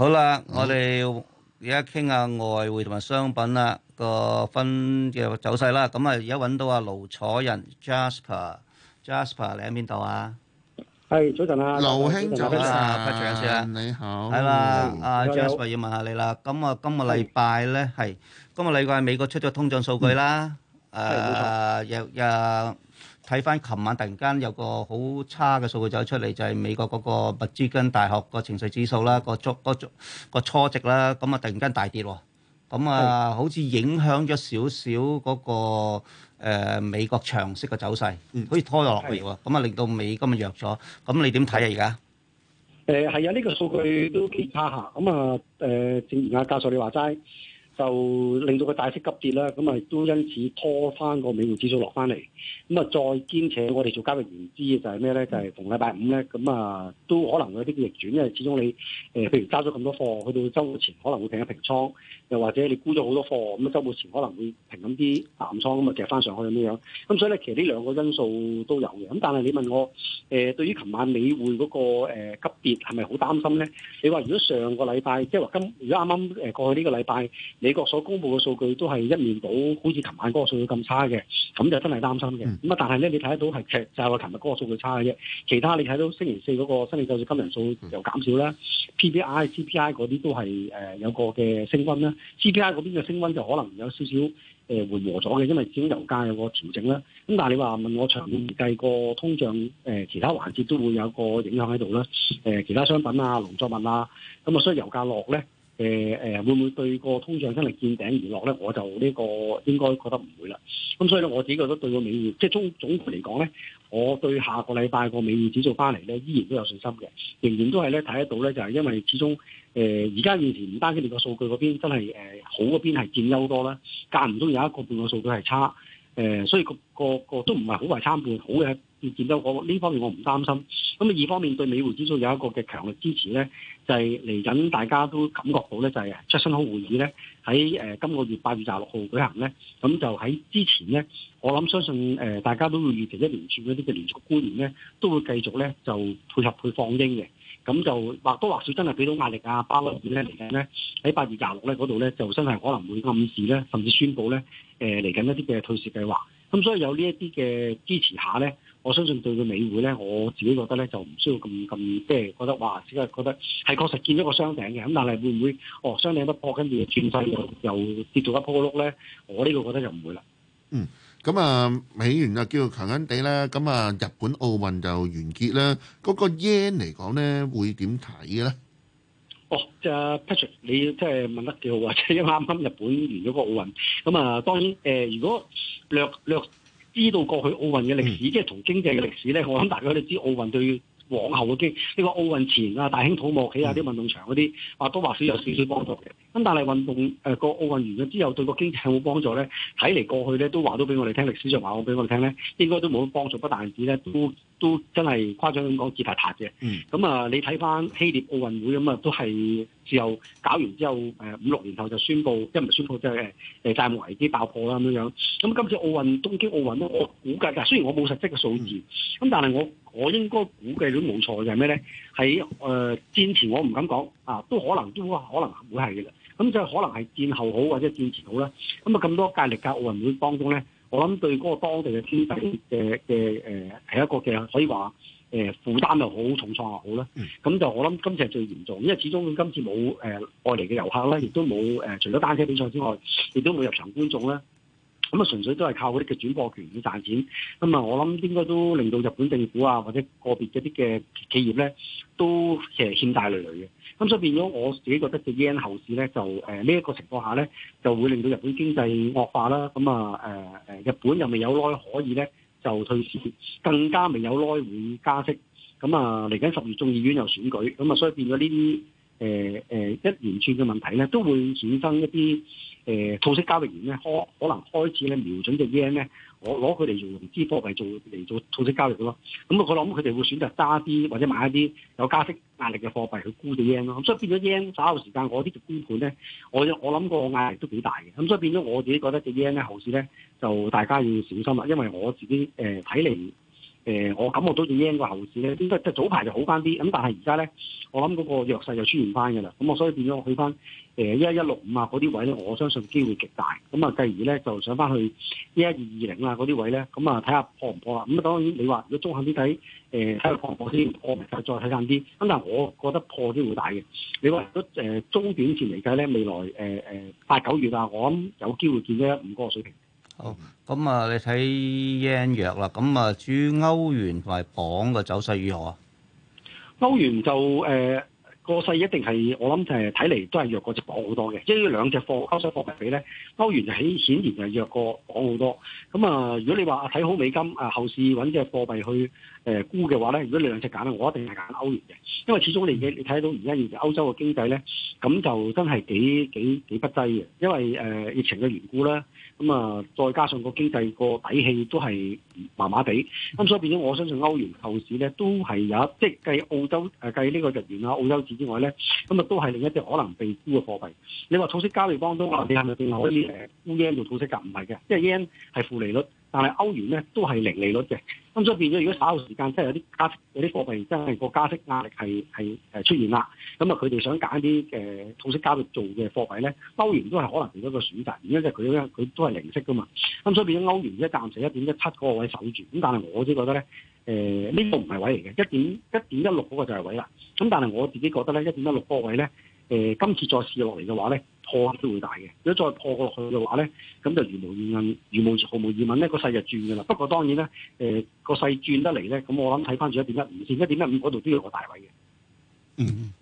好啦，我哋而家傾下外匯同埋商品啦，個分嘅走勢啦。咁啊，而家揾到阿盧楚仁 Jasper，Jasper 你喺邊度啊？係早晨啊，盧兄早晨啊，早晨啊。你好。係啦，阿 Jasper 要問下你啦。咁啊，今個禮拜咧係，今個禮拜美國出咗通脹數據啦。誒，有有。睇翻琴晚突然間有個好差嘅數據走出嚟，就係、是、美國嗰個密歇根大學個情緒指數啦，個初個初初值啦，咁啊突然間大跌喎，咁啊好似影響咗少少嗰、那個、呃、美國長息嘅走勢，嗯、好似拖咗落嚟喎，咁啊的令到美金弱咗，咁你點睇啊？而家誒係啊，呢、這個數據都幾差下，咁啊誒，正如阿教授你話齋。就令到佢大市急跌啦，咁啊都因此拖翻個美匯指數落翻嚟，咁啊再兼且我哋做交易言之就係咩咧，就係逢禮拜五咧，咁啊都可能會有啲逆轉，因為始終你誒譬如揸咗咁多貨，去到週末前可能會平一平倉，又或者你沽咗好多貨，咁啊週末前可能會平咁啲淡倉，咁啊其實翻上去咁樣，咁所以咧其實呢兩個因素都有嘅，咁但係你問我、呃、對於琴晚美匯嗰、那個、呃、急跌係咪好擔心咧？你話如果上個禮拜即係話今如果啱啱誒過去呢個禮拜美國所公布嘅數據都係一面倒好似琴晚嗰個數據咁差嘅，咁就真係擔心嘅。咁啊，但係咧，你睇到係劇就係話琴日嗰個數據差嘅啫。其他你睇到星期四嗰個新興經濟金人數又減少啦，PPI、CPI 嗰啲都係誒、呃、有個嘅升溫啦。CPI 嗰邊嘅升溫就可能有少少誒緩、呃、和咗嘅，因為整油價有個調整啦。咁但係你話問我長遠預計個通脹誒、呃、其他環節都會有個影響喺度啦。誒、呃、其他商品啊、農作物啊，咁、呃、啊，所以油價落咧。嘅誒、呃、會唔會對個通脹真係見頂而落咧？我就呢個應該覺得唔會啦。咁所以咧，我自己覺得對個美元，即係總總括嚟講咧，我對下個禮拜個美元指數翻嚟咧，依然都有信心嘅，仍然都係咧睇得到咧，就係、是、因為始終誒而家現時唔單止你個數據嗰邊真係誒、呃、好嗰邊係佔優多啦，間唔中有一個半個數據係差，誒、呃，所以個個個都唔係好為參半，好嘅見到我呢方面我唔擔心。咁啊二方面對美匯指數有一個嘅強力支持咧，就係嚟緊大家都感覺到咧，就係、是、出新好會議咧喺誒今個月八月廿六號舉行咧，咁就喺之前咧，我諗相信誒，大家都會預期一連串嗰啲嘅連續官員咧，都會繼續咧就配合去放鷹嘅。咁就或多或少真係俾到壓力啊，巴洛克咧嚟緊咧喺八月廿六咧嗰度咧就真係可能會暗示咧，甚至宣佈咧誒嚟緊一啲嘅退市計劃。咁所以有呢一啲嘅支持下咧，我相信對個美匯咧，我自己覺得咧就唔需要咁咁，即係覺得哇！只係覺得係確實見咗個雙頂嘅。咁但係會唔會哦雙頂一破，跟住轉世又跌到一坡碌咧？我呢個覺得就唔會啦。嗯。咁啊，美元啊叫做強恩地啦，咁啊日本奧運就完結啦，嗰、那個 yen 嚟講咧會點睇嘅咧？哦，就、呃、Patrick，你即係問得幾好啊，即係因為啱啱日本完咗個奧運，咁啊當然誒、呃，如果略略知道過去奧運嘅歷史，嗯、即係同經濟嘅歷史咧，嗯、我諗大概你知奧運對。往後嘅經呢個奧運前啊，大興土木起下啲運動場嗰啲，話都話少有少少幫助嘅。咁但係運動誒個、呃、奧運完咗之後，對個經濟有冇幫助咧？睇嚟過去咧都話到俾我哋聽，歷史上話過俾我哋聽咧，應該都冇幫助，不但止咧，都都真係誇張咁講，自曬塌嘅。嗯。咁啊，你睇翻希臘奧運會咁啊，都係之後搞完之後誒五六年後就宣佈，即宣布就係呃、一唔宣佈就係誒債務危機爆破啦咁樣。咁今次奧運，東京奧運咧，我估計，但係雖然我冇實質嘅數字，咁但係我。我應該估計都冇錯就係咩咧？喺誒、呃、戰前我唔敢講啊，都可能都可能會係嘅啦。咁就可能係戰後好或者戰前好啦。咁啊咁多屆歷屆奧運會當中咧，我諗對嗰個當地嘅天弟嘅嘅係一個嘅可以話誒、呃、負擔又好重創又好啦。咁就我諗今次係最嚴重，因為始終今次冇誒、呃、外嚟嘅遊客啦，亦都冇、呃、除咗單車比賽之外，亦都冇入場觀眾啦。咁啊，純粹都係靠嗰啲嘅轉播權去賺錢。咁啊，我諗應該都令到日本政府啊，或者個別嗰啲嘅企業咧，都其實欠債累累嘅。咁所以變咗，我自己覺得嘅 Yen 後市咧，就誒呢一個情況下咧，就會令到日本經濟惡化啦。咁啊、呃、日本又未有耐可以咧就退市，更加未有耐會加息。咁啊，嚟緊十月眾議院又選舉，咁啊，所以變咗呢啲。誒誒、呃呃、一連串嘅問題咧，都會產生一啲誒套息交易員咧，可可能開始咧瞄準隻 yen 咧，我攞佢嚟用融資貨幣做嚟做套息交易咯。咁、嗯、我諗佢哋會選擇揸啲或者買一啲有加息壓力嘅貨幣去沽隻 yen 咯。咁所以變咗 yen 稍後時間，我啲就沽盤咧，我我諗個壓力都幾大嘅。咁所以變咗我自己覺得隻 yen 咧，後市咧就大家要小心啦，因為我自己誒睇嚟。呃誒、呃，我感覺到對應個後市咧，應該即係早排就好翻啲，咁但係而家咧，我諗嗰個弱勢就出現翻嘅啦，咁、嗯、我所以變咗去翻誒一一六五啊嗰啲位咧，我相信機會極大，咁啊繼而咧就上翻去一一二二零啊嗰啲位咧，咁啊睇下破唔破啦，咁、嗯、啊當然你話如果中肯啲睇，誒睇下破唔破先破，破就再睇緊啲，咁、嗯、但係我覺得破啲會大嘅，你話如果中短線嚟計咧，未來誒誒八九月啊，我諗有機會見一五嗰個水平。好，咁啊、嗯哦，你睇 yen 弱啦，咁啊，至於歐元同埋鎊嘅走勢如何啊？歐元就誒。呃個勢一定係我諗誒睇嚟都係弱過隻鎊好多嘅，即係呢兩隻貨歐洲貨幣比咧，歐元就顯顯然係弱過鎊好多。咁啊，如果你話睇好美金啊，後市揾隻貨幣去誒沽嘅話咧，如果你兩隻揀啊，我一定係揀歐元嘅，因為始終你你睇到而家現時歐洲嘅經濟咧，咁就真係幾幾幾不濟嘅，因為誒、呃、疫情嘅緣故啦。咁啊，再加上個經濟個底氣都係麻麻地，咁所以變咗我相信歐元後市咧都係有，即係計澳洲誒計呢個日元啊、澳洲之外咧，咁啊都係另一隻可能被沽嘅貨幣。你話套息交易當中，你係咪可以誒沽 yen 做套息㗎？唔係嘅，即 yen 係負利率，但係歐元咧都係零利率嘅。咁所以變咗，如果稍後時間即有啲加息有啲貨幣真係個加息壓力係出現啦，咁啊佢哋想揀啲誒套息交易做嘅貨幣咧，歐元都係可能係一個選擇，因為佢咧佢都係零息噶嘛。咁所以變咗歐元一暫時一點一七嗰個位守住，咁但係我先覺得咧。誒，呢個唔係位嚟嘅，一點一點一六嗰個就係位啦。咁但係我自己覺得咧，一點一六個位咧，誒，今次再試落嚟嘅話咧，破都會大嘅。如果再破落去嘅話咧，咁就毫無疑問、毫無毫無疑問咧，個勢就轉噶啦。不過當然咧，誒、呃，個勢轉得嚟咧，咁我諗睇翻住一點一五，先一點一五嗰度都要個大位嘅、嗯。嗯，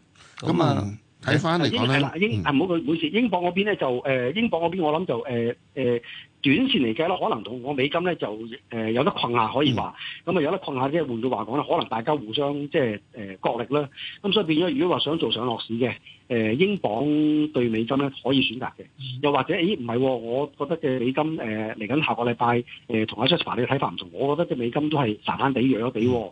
咁、嗯、啊。嗯睇翻嚟講咧，英啊冇佢英鎊嗰邊咧，就英鎊嗰邊我諗就、呃呃、短線嚟計咯，可能同我美金咧就誒、呃、有得困下可以話，咁啊、嗯、有得困下即係換句話講咧，可能大家互相即係誒角力啦。咁所以變咗，如果話想做上落市嘅、呃、英鎊對美金咧，可以選擇嘅。嗯、又或者誒唔係，我覺得嘅美金誒嚟緊下個禮拜同阿 Charles、嗯、和 你嘅睇法唔同，我覺得嘅美金都係散孱地弱咗啲。誒、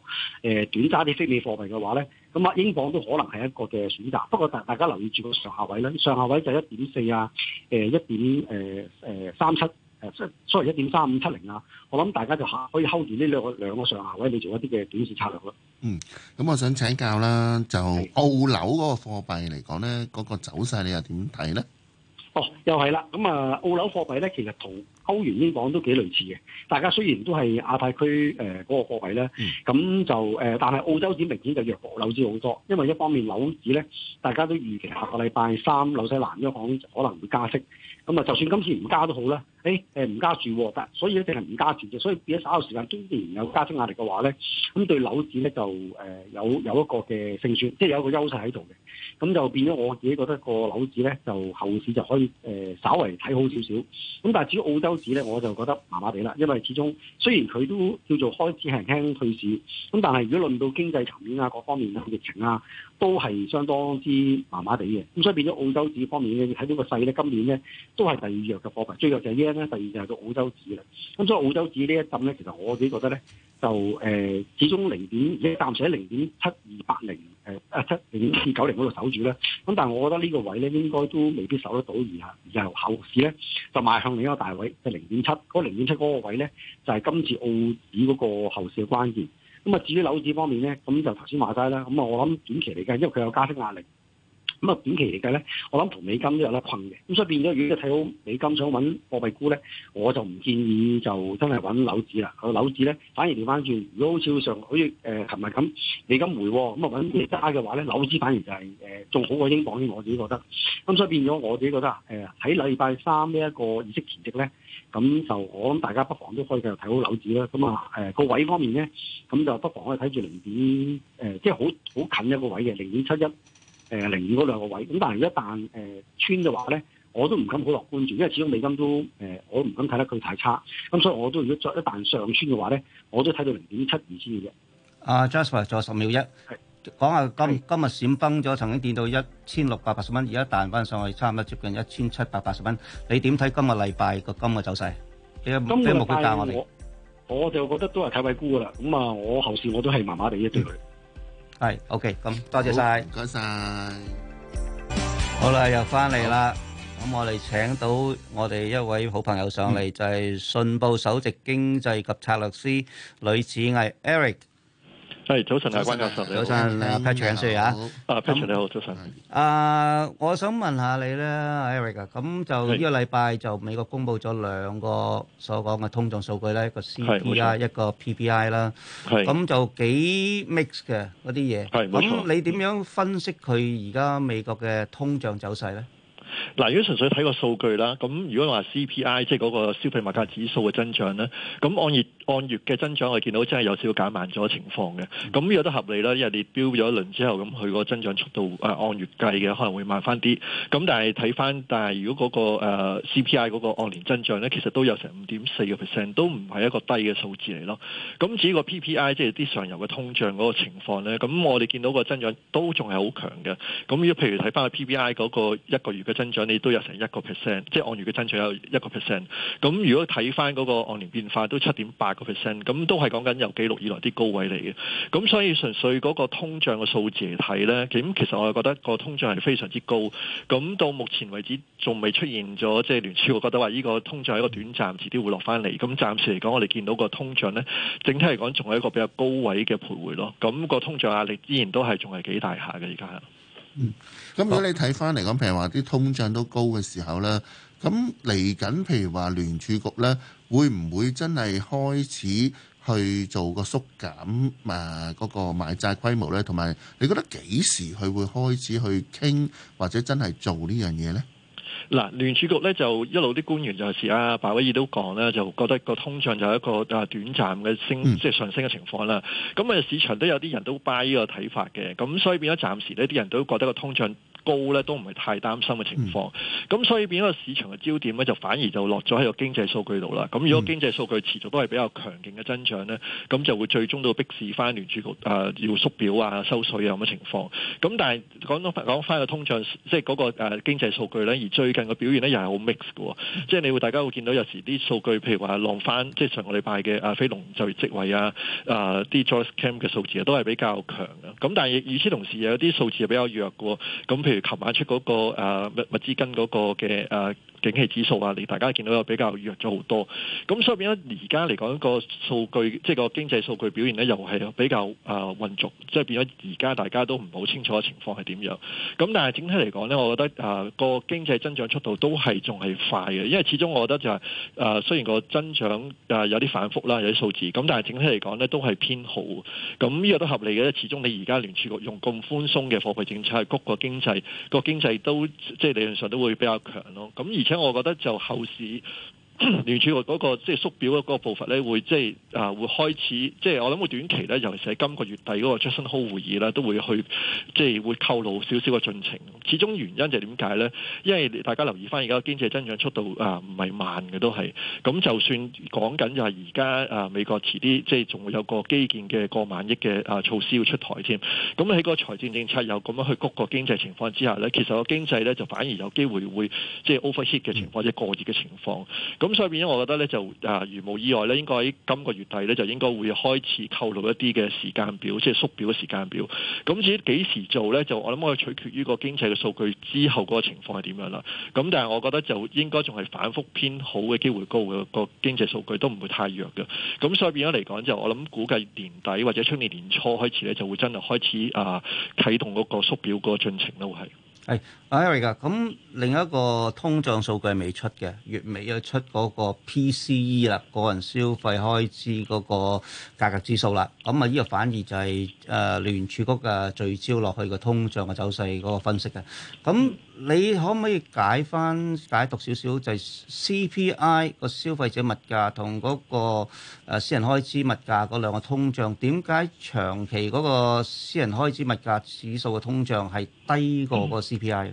呃、短揸啲非美貨幣嘅話咧。咁啊，英鎊都可能係一個嘅選擇，不過大大家留意住個上下位啦，上下位就一點四啊，誒一點誒誒三七誒，即係所謂一點三五七零啊，我諗大家就可可以 hold 住呢兩個兩個上下位，你做一啲嘅短線策略咯。嗯，咁我想請教啦，就澳紐嗰個貨幣嚟講咧，嗰、那個走勢你又點睇咧？哦，又係啦，咁啊，澳紐貨幣咧，其實同歐元英鎊都幾類似嘅。大家雖然都係亞太區誒嗰、呃那個貨幣咧，咁、嗯、就誒、呃，但係澳洲市明顯就弱過紐市好多，因為一方面紐市咧，大家都預期下個禮拜三紐西蘭呢一講可能會加息，咁啊，就算今次唔加都好啦，誒、欸、唔、呃、加、加住，但所以咧，一定係唔加住嘅，所以變咗稍後時間都仍然有加息壓力嘅話咧，咁對紐市咧就、呃、有有一個嘅勝算，即、就、係、是、有一個優勢喺度嘅。咁就變咗我自己覺得個樓市咧就後市就可以誒、呃、稍微睇好少少。咁但係至於澳洲指咧，我就覺得麻麻地啦，因為始終雖然佢都叫做開始輕輕退市，咁但係如果論到經濟層面啊各方面嘅疫情啊，都係相當之麻麻地嘅。咁所以變咗澳洲指方面你睇到個勢咧，今年咧都係第二弱嘅貨幣，最弱就係 yen 啦，第二就係到澳洲指啦。咁所以澳洲指呢一陣咧，其實我自己覺得咧。就誒、呃，始終零點，你暫時喺零點七二八零誒，啊七零點四九零嗰度守住咧。咁但係我覺得呢個位咧，應該都未必守得到而下，然後後市咧就邁向另一個大位，就零點七。嗰零點七嗰個位咧，就係今次澳紙嗰個後市嘅關鍵。咁啊，至於樓指方面咧，咁就頭先話曬啦。咁啊，我諗短期嚟嘅，因為佢有加息壓力。咁啊短期嚟計咧，我諗同美金都有得困嘅，咁所以變咗，如果睇好美金想搵貨幣沽咧，我就唔建議就真係搵樓指啦。個樓指咧反而調翻轉，如果好似上好似誒琴日咁美金喎、哦，咁啊揾你渣嘅話咧，樓指反而就係、是、仲、呃、好過英鎊我自己覺得。咁所以變咗我自己覺得誒喺禮拜三呢一個意識前夕咧，咁就我諗大家不妨都可以繼續睇好樓指啦。咁啊誒個位方面咧，咁就不妨可以睇住零點、呃、即係好好近一個位嘅零點七一。誒、呃、零二嗰兩個位，咁但係一旦穿嘅話咧，我都唔敢好樂觀住，因為始終美金都誒、呃，我都唔敢睇得佢太差，咁、嗯、所以我都如果一旦上穿嘅話咧，我都睇到零點七二先嘅啫。阿、uh, Jasper 在十秒是一，講下金今是日閃崩咗，曾經跌到一千六百八十蚊，而家彈翻上去差唔多接近一千七百八十蚊。你點睇今個禮拜個金嘅走勢？你有冇今 目標價我哋來？我就覺得都係睇位估噶啦，咁啊，我後市我都係麻麻地一對佢。 係，OK，咁多謝晒，唔該晒。好啦，又翻嚟啦，咁我哋請到我哋一位好朋友上嚟，就係信報首席經濟及策略師呂梓毅 Eric。係早晨啊，關教授。早晨啊，Patrick 啊。好。啊，Patrick 你好，早晨。啊，我想問下你咧，Eric，咁就呢個禮拜就美國公布咗兩個所講嘅通脹數據咧，一個 CPI，一個 PPI 啦。係。咁就幾 mix 嘅嗰啲嘢。係，冇錯。咁你點樣分析佢而家美國嘅通脹走勢咧？嗱，如果純粹睇個數據啦，咁如果話 CPI 即係嗰個消費物價指數嘅增長咧，咁按月按月嘅增長，我見到真係有少少減慢咗情況嘅。咁有得合理啦，因為你標咗一輪之後，咁佢個增長速度、呃、按月計嘅可能會慢翻啲。咁但係睇翻，但係如果嗰、嗰個、呃、CPI 嗰個按年增長咧，其實都有成五點四個 percent，都唔係一個低嘅數字嚟咯。咁至於個 PPI 即係啲上游嘅通脹嗰個情況咧，咁我哋見到個增長都仲係好強嘅。咁如果譬如睇翻個 PPI 嗰個一個月嘅增長通脹你都有成一個 percent，即係按月嘅通脹有一個 percent。咁如果睇翻嗰個按年變化都七點八個 percent，咁都係講緊由紀錄以來啲高位嚟嘅。咁所以純粹嗰個通脹嘅數字嚟睇咧，咁其實我係覺得個通脹係非常之高。咁到目前為止仲未出現咗，即係聯儲我覺得話呢個通脹係一個短暫，遲啲會落翻嚟。咁暫時嚟講，我哋見到個通脹咧，整體嚟講仲係一個比較高位嘅徘徊咯。咁個通脹壓力依然都係仲係幾大下嘅，而家。咁、嗯、如果你睇翻嚟講，譬如話啲通脹都高嘅時候呢，咁嚟緊譬如話聯儲局呢，會唔會真係開始去做個縮減啊嗰、呃嗰個買債規模呢，同埋你覺得幾時佢會開始去傾或者真係做呢樣嘢呢？嗱，聯儲局咧就一路啲官員就係時阿鮑威爾都講啦，就覺得個通脹就係一個啊短暫嘅升，即、就、係、是、上升嘅情況啦。咁啊、嗯，市場都有啲人都 buy 呢個睇法嘅，咁所以變咗暫時呢啲人都覺得個通脹高咧都唔係太擔心嘅情況，咁、嗯、所以變咗個市場嘅焦點咧就反而就落咗喺個經濟數據度啦。咁如果經濟數據持續都係比較強勁嘅增長咧，咁就會最終都逼使翻聯儲局啊要縮表啊收稅啊咁嘅情況。咁但係講到講翻個通脹，即係、那、嗰個經、啊、經濟數據咧，而最近嘅表現咧又係好 mix 喎。即係你會大家會見到有時啲數據，譬如話晾翻即係上個禮拜嘅啊非農就業職位啊，啊啲 jobless claim 嘅數字都係比較強嘅。咁但係與此同時有啲數字係比較弱嘅。咁譬如琴晚出嗰、那個物、啊、物資金嗰個嘅誒、啊、景氣指數啊，你大家見到又比較弱咗好多。咁所以變咗而家嚟講個數據，即、就、係、是、個經濟數據表現咧，又係比較誒混濁，即、啊、係、就是、變咗而家大家都唔好清楚嘅情況係點樣。咁但係整體嚟講咧，我覺得誒個、啊、經濟增長速度都係仲係快嘅，因為始終我覺得就係、是、誒、啊、雖然個增長誒、啊、有啲反覆啦，有啲數字，咁但係整體嚟講咧都係偏好。咁呢個都合理嘅，因始終你而家聯儲局用咁寬鬆嘅貨幣政策嚟谷個經濟。個經濟都即係理論上都會比較強咯，咁而且我覺得就後市。聯儲局嗰個即係縮表嘅嗰個步伐咧，會即係啊會開始，即係我諗會短期咧，尤其係今個月底嗰個 Jackson Hole 會議咧，都會去即係會透露少少嘅進程。始終原因就係點解咧？因為大家留意翻而家經濟增長速度啊唔係慢嘅都係。咁就算講緊就係而家啊美國遲啲即係仲會有個基建嘅過萬億嘅啊措施要出台添。咁喺個財政政策有咁樣去谷個經濟情況之下咧，其實個經濟咧就反而有機會會即係 overheat 嘅情況，即係過熱嘅情況。咁所以變咗，我覺得咧就啊，如無意外咧，應該喺今個月底咧，就應該會開始透露一啲嘅時間表，即係縮表嘅時間表。咁至於幾時做咧，就我諗可以取決於個經濟嘅數據之後嗰個情況係點樣啦。咁但係我覺得就應該仲係反覆偏好嘅機會高嘅，個經濟數據都唔會太弱嘅。咁所以變咗嚟講，就我諗估計年底或者出年年初開始咧，就會真係開始啊啟動嗰個縮表個進程咯，會係。誒，Eric 啊，咁另一個通脹數據未出嘅，月尾又出嗰個 PCE 啦，個人消費開支嗰個價格指數啦，咁啊呢個反而就係、是、誒、呃、聯儲局嘅聚焦落去個通脹嘅走勢嗰個分析嘅，咁。你可唔可以解返解讀少少，就係、是、CPI 個消費者物價同嗰個私人開支物價嗰兩個通脹，點解長期嗰個私人開支物價指數嘅通脹係低過嗰個 CPI？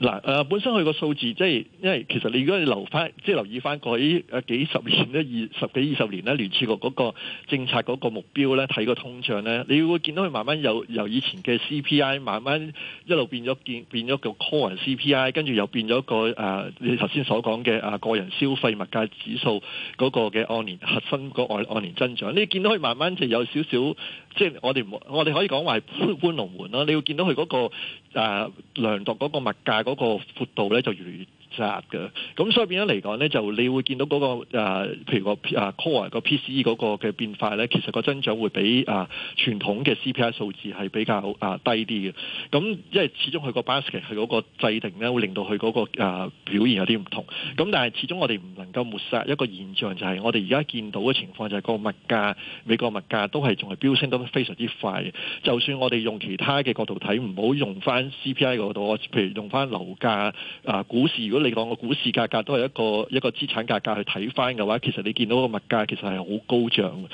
嗱，本身佢個數字，即係因為其實你如果你留翻，即係留意翻過去幾十年咧，二十幾二十年咧，聯儲局嗰個政策嗰個目標咧，睇個通脹咧，你會見到佢慢慢由由以前嘅 CPI 慢慢一路變咗變咗個 core CPI，跟住又變咗個誒、啊、你頭先所講嘅啊個人消費物價指數嗰個嘅按年核心個按按年增長，你見到佢慢慢就有少少。即係我哋，我哋可以講話係搬龍門咯。你會見到佢嗰、那個誒、啊、量度嗰個物價，嗰個闊度咧，就越嚟越。嘅，咁所以變咗嚟講咧，就你會見到嗰、那個、啊、譬如個誒 core 個 PCE 嗰個嘅變化咧，其實個增長會比誒、啊、傳統嘅 CPI 數字係比較誒、啊、低啲嘅。咁因為始終佢個 basket 佢嗰個制定咧，會令到佢嗰個表現有啲唔同。咁但係始終我哋唔能夠抹殺一個現象，就係我哋而家見到嘅情況就係個物價，美國物價都係仲係飆升得非常之快嘅。就算我哋用其他嘅角度睇，唔好用返 CPI 嗰度，譬如用返樓價啊、股市如果，嚟講個股市價格都係一個一個資產價格去睇翻嘅話，其實你見到個物價其實係好高漲嘅，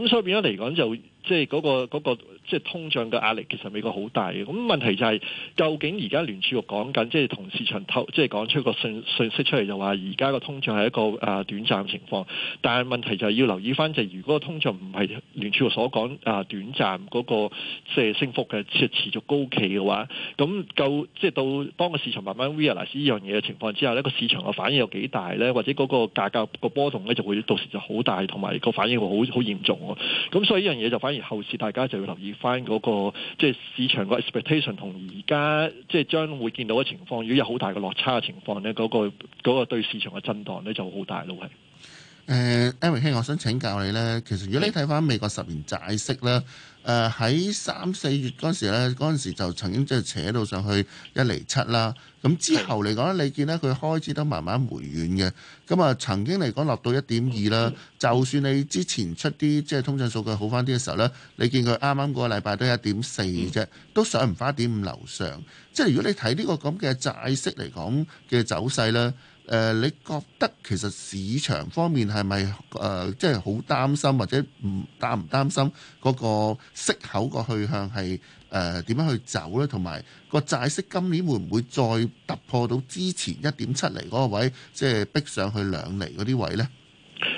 咁所以變咗嚟講就。即係、那、嗰個嗰、那個即係通脹嘅壓力，其實美國好大嘅。咁問題就係、是、究竟而家聯儲局講緊，即係同市場透，即係講出個訊訊息出嚟，就話而家個通脹係一個誒、呃、短暫情況。但係問題就係要留意翻、就是，就如果通脹不是、呃那個通脹唔係聯儲局所講誒短暫嗰個即係升幅嘅，持續高企嘅話，咁夠即係到當個市場慢慢 realize 呢樣嘢嘅情況之下呢、這個市場嘅反應有幾大咧？或者嗰個價格個波動咧就會到時就好大，同埋個反應會好好嚴重喎。咁所以呢樣嘢就反而。後市大家就要留意翻嗰個，即係市場個 expectation 同而家即係將會見到嘅情況。如果有好大嘅落差嘅情況咧，嗰個嗰個對市場嘅震盪咧就好大咯，係。誒、uh，Eric 兄，我想請教你咧。其實，如果你睇翻美國十年債息咧，誒喺三四月嗰時咧，嗰陣時就曾經即係扯到上去一厘七啦。咁之後嚟講咧，你見咧佢開始都慢慢回軟嘅。咁啊，曾經嚟講落到一點二啦。就算你之前出啲即係通脹數據好翻啲嘅時候咧，你見佢啱啱嗰個禮拜都一點四啫，嗯、都上唔翻一點五樓上。即係如果你睇呢個咁嘅債息嚟講嘅走勢咧。誒，你覺得其實市場方面係咪誒，即係好擔心，或者唔擔唔擔心嗰個息口個去向係誒點樣去走呢？同埋個債息今年會唔會再突破到之前一點七厘嗰個位，即係逼上去兩厘嗰啲位呢？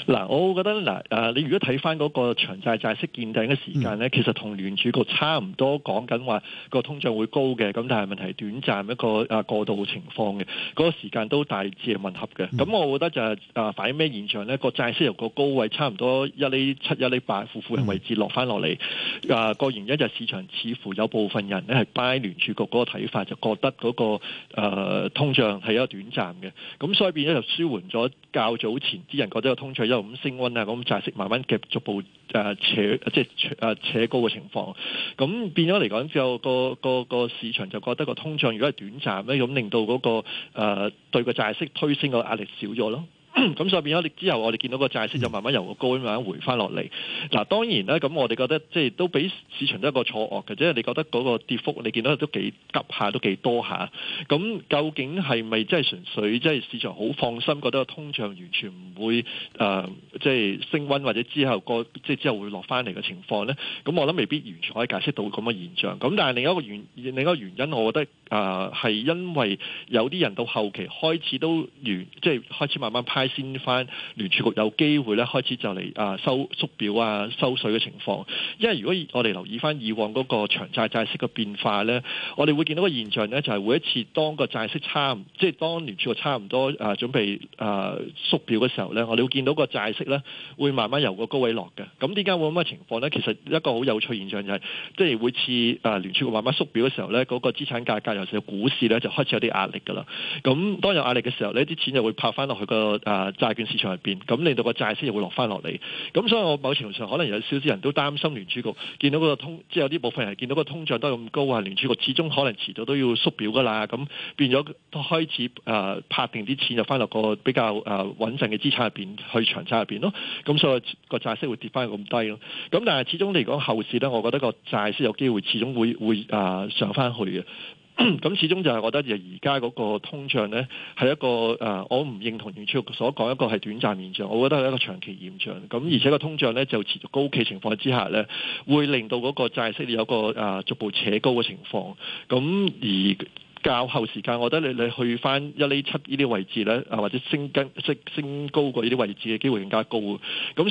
嗱，我覺得嗱、呃，你如果睇返嗰個長債債息見頂嘅時間呢、嗯、其實同聯儲局差唔多，講緊話個通脹會高嘅，咁但係問題短暫一個、啊、過渡情況嘅，嗰、那個時間都大致係吻合嘅。咁、嗯、我覺得就係反映咩現象呢？這個債息由個高位差唔多一厘七、一厘八附近位置落返落嚟，誒、嗯啊、個原因就係市場似乎有部分人呢係 buy 聯儲局嗰個睇法，就覺得嗰、那個、呃、通脹係一個短暫嘅，咁所以變咗就舒緩咗較早前啲人覺得個通脹。就咁升溫啊，咁債息慢慢夾逐步誒扯，即係誒扯高嘅情況。咁變咗嚟講，之後個個個市場就覺得個通脹如果係短暫咧，咁令到嗰、那個誒、啊、對個債息推升個壓力少咗咯。咁所以變咗， 之後我哋見到個債息就慢慢由高慢慢回翻落嚟。嗱，當然啦，咁我哋覺得即係都俾市場都一個錯愕嘅，即係你覺得嗰個跌幅你見到都幾急下，都幾多下。咁究竟係咪即係純粹即係市場好放心，覺得通脹完全唔會、呃、即係升温或者之後個即係之後會落翻嚟嘅情況咧？咁我諗未必完全可以解釋到咁嘅現象。咁但係另一個原另一個原因，我覺得誒係、呃、因為有啲人到後期開始都完即係開始慢慢先翻聯儲局有機會咧，開始就嚟啊收縮表啊收水嘅情況。因為如果我哋留意翻以往嗰個長債債息嘅變化咧，我哋會見到個現象咧，就係每一次當個債息差唔多，即係當聯儲局差唔多啊準備啊縮表嘅時候咧，我哋會見到個債息咧會慢慢由個高位落嘅。咁點解會咁嘅情況咧？其實一個好有趣現象就係即係每次啊聯儲局慢慢縮表嘅時候咧，嗰個資產價格尤其是股市咧就開始有啲壓力噶啦。咁當有壓力嘅時候，呢，啲錢就會拍翻落去個。啊啊，債券市場入面，咁令到個債息又會落翻落嚟，咁所以我某程度上可能有少少人都擔心聯儲局見到個通，即係有啲部分人見到個通脹都咁高啊，聯儲局始終可能遲早都要縮表噶啦，咁變咗開始啊拍定啲錢就翻落個比較、啊、穩陣嘅資產入面去長債入面咯，咁所以個債息會跌翻去咁低咯，咁但係始終嚟講後市咧，我覺得個債息有機會始終會會、啊、上翻去嘅。咁 始終就係我覺得而家嗰個通脹咧係一個、呃、我唔認同原超所講一個係短暫現象，我覺得係一個長期現象。咁而且個通脹咧就持續高企情況之下咧，會令到嗰個債息有個、呃、逐步扯高嘅情況。咁而較後時間，我覺得你你去翻一厘七呢啲位置咧，啊，或者升跟即升高過呢啲位置嘅機會更加高。咁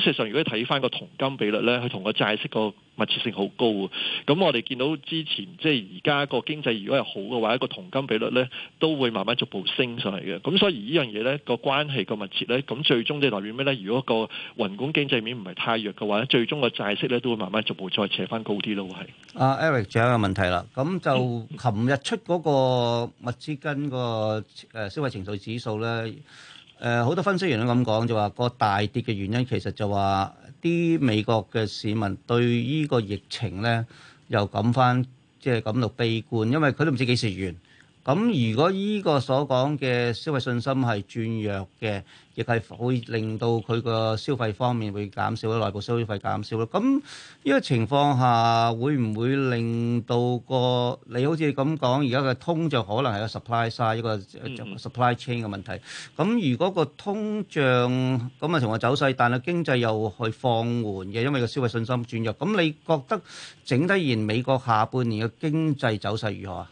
事實上如果你睇翻個銅金比率咧，佢同個債息、嗰個密切性好高嘅，咁我哋見到之前即係而家個經濟如果係好嘅話，一個銅金比率咧都會慢慢逐步升上嚟嘅。咁所以呢樣嘢咧個關係個密切咧，咁最終即係代表咩咧？如果個宏觀經濟面唔係太弱嘅話咧，最終個債息咧都會慢慢逐步再扯翻高啲咯，係。阿 Eric，仲有個問題啦，咁就琴日出嗰個物資跟個誒消費情緒指數咧。誒好多分析員都咁講，就話個大跌嘅原因其實就話啲美國嘅市民對呢個疫情咧又感翻，即係感到悲觀，因為佢都唔知幾時完。咁如果呢個所講嘅消費信心係轉弱嘅，亦係會令到佢個消費方面會減少，內部消費減少咯。咁呢個情況下，會唔會令到個你好似你咁講，而家嘅通脹可能係個 supply side 一個 supply chain 嘅問題？咁、嗯、如果個通脹咁啊，同埋走勢，但係經濟又去放緩嘅，因為個消費信心轉弱。咁你覺得整體而美國下半年嘅經濟走勢如何啊？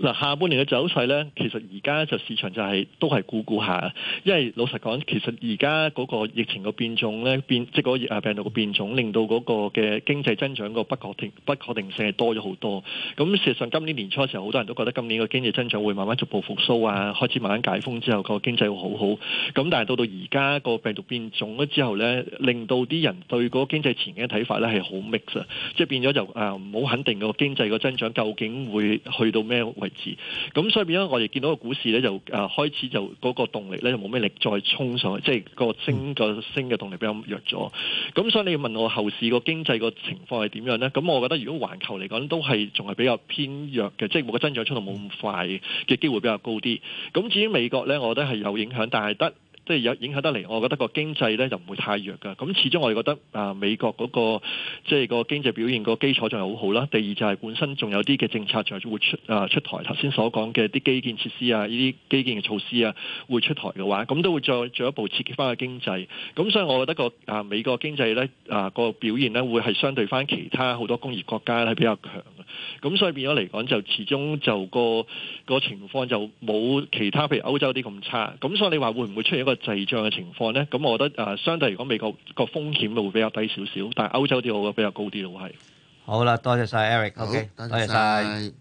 嗱，下半年嘅走勢咧，其實而家就市場就係、是、都係估估下，因為老實講，其實而家嗰個疫情個變種咧，變即係個病毒個變種，令到嗰個嘅經濟增長個不確定不確定性係多咗好多。咁事實上今年年初嘅時候，好多人都覺得今年個經濟增長會慢慢逐步復甦啊，開始慢慢解封之後，個經濟會好好。咁但係到到而家個病毒變種咗之後咧，令到啲人對嗰個經濟前景嘅睇法咧係好 mix 啊，即係變咗就誒唔好肯定個經濟個增長究竟會去到咩咁所以變咗，我哋見到個股市咧就誒開始就嗰個動力咧就冇咩力再衝上去，即係個升個升嘅動力比較弱咗。咁所以你要問我後市個經濟個情況係點樣咧？咁我覺得如果環球嚟講都係仲係比較偏弱嘅，即係個增長速度冇咁快嘅機會比較高啲。咁至於美國咧，我覺得係有影響，但係得。即係有影響得嚟，我覺得個經濟咧就唔會太弱噶。咁始終我哋覺得啊，美國嗰、那個即係、就是、個經濟表現個基礎仲係好好啦。第二就係本身仲有啲嘅政策仲係會出啊出台，頭先所講嘅啲基建設施啊，呢啲基建嘅措施啊會出台嘅話，咁都會再進一步刺激翻個經濟。咁所以我覺得、那個啊美國經濟咧啊個表現咧會係相對翻其他好多工業國家咧比較強嘅。咁所以變咗嚟講，就始終就、那個個情況就冇其他譬如歐洲啲咁差。咁所以你話會唔會出現一個滯脹嘅情況咧，咁我覺得誒相對嚟講美國個風險會比較低少少，但係歐洲啲我覺得比較高啲咯，係。好啦，okay, 多謝晒 Eric，OK，多謝晒謝。謝謝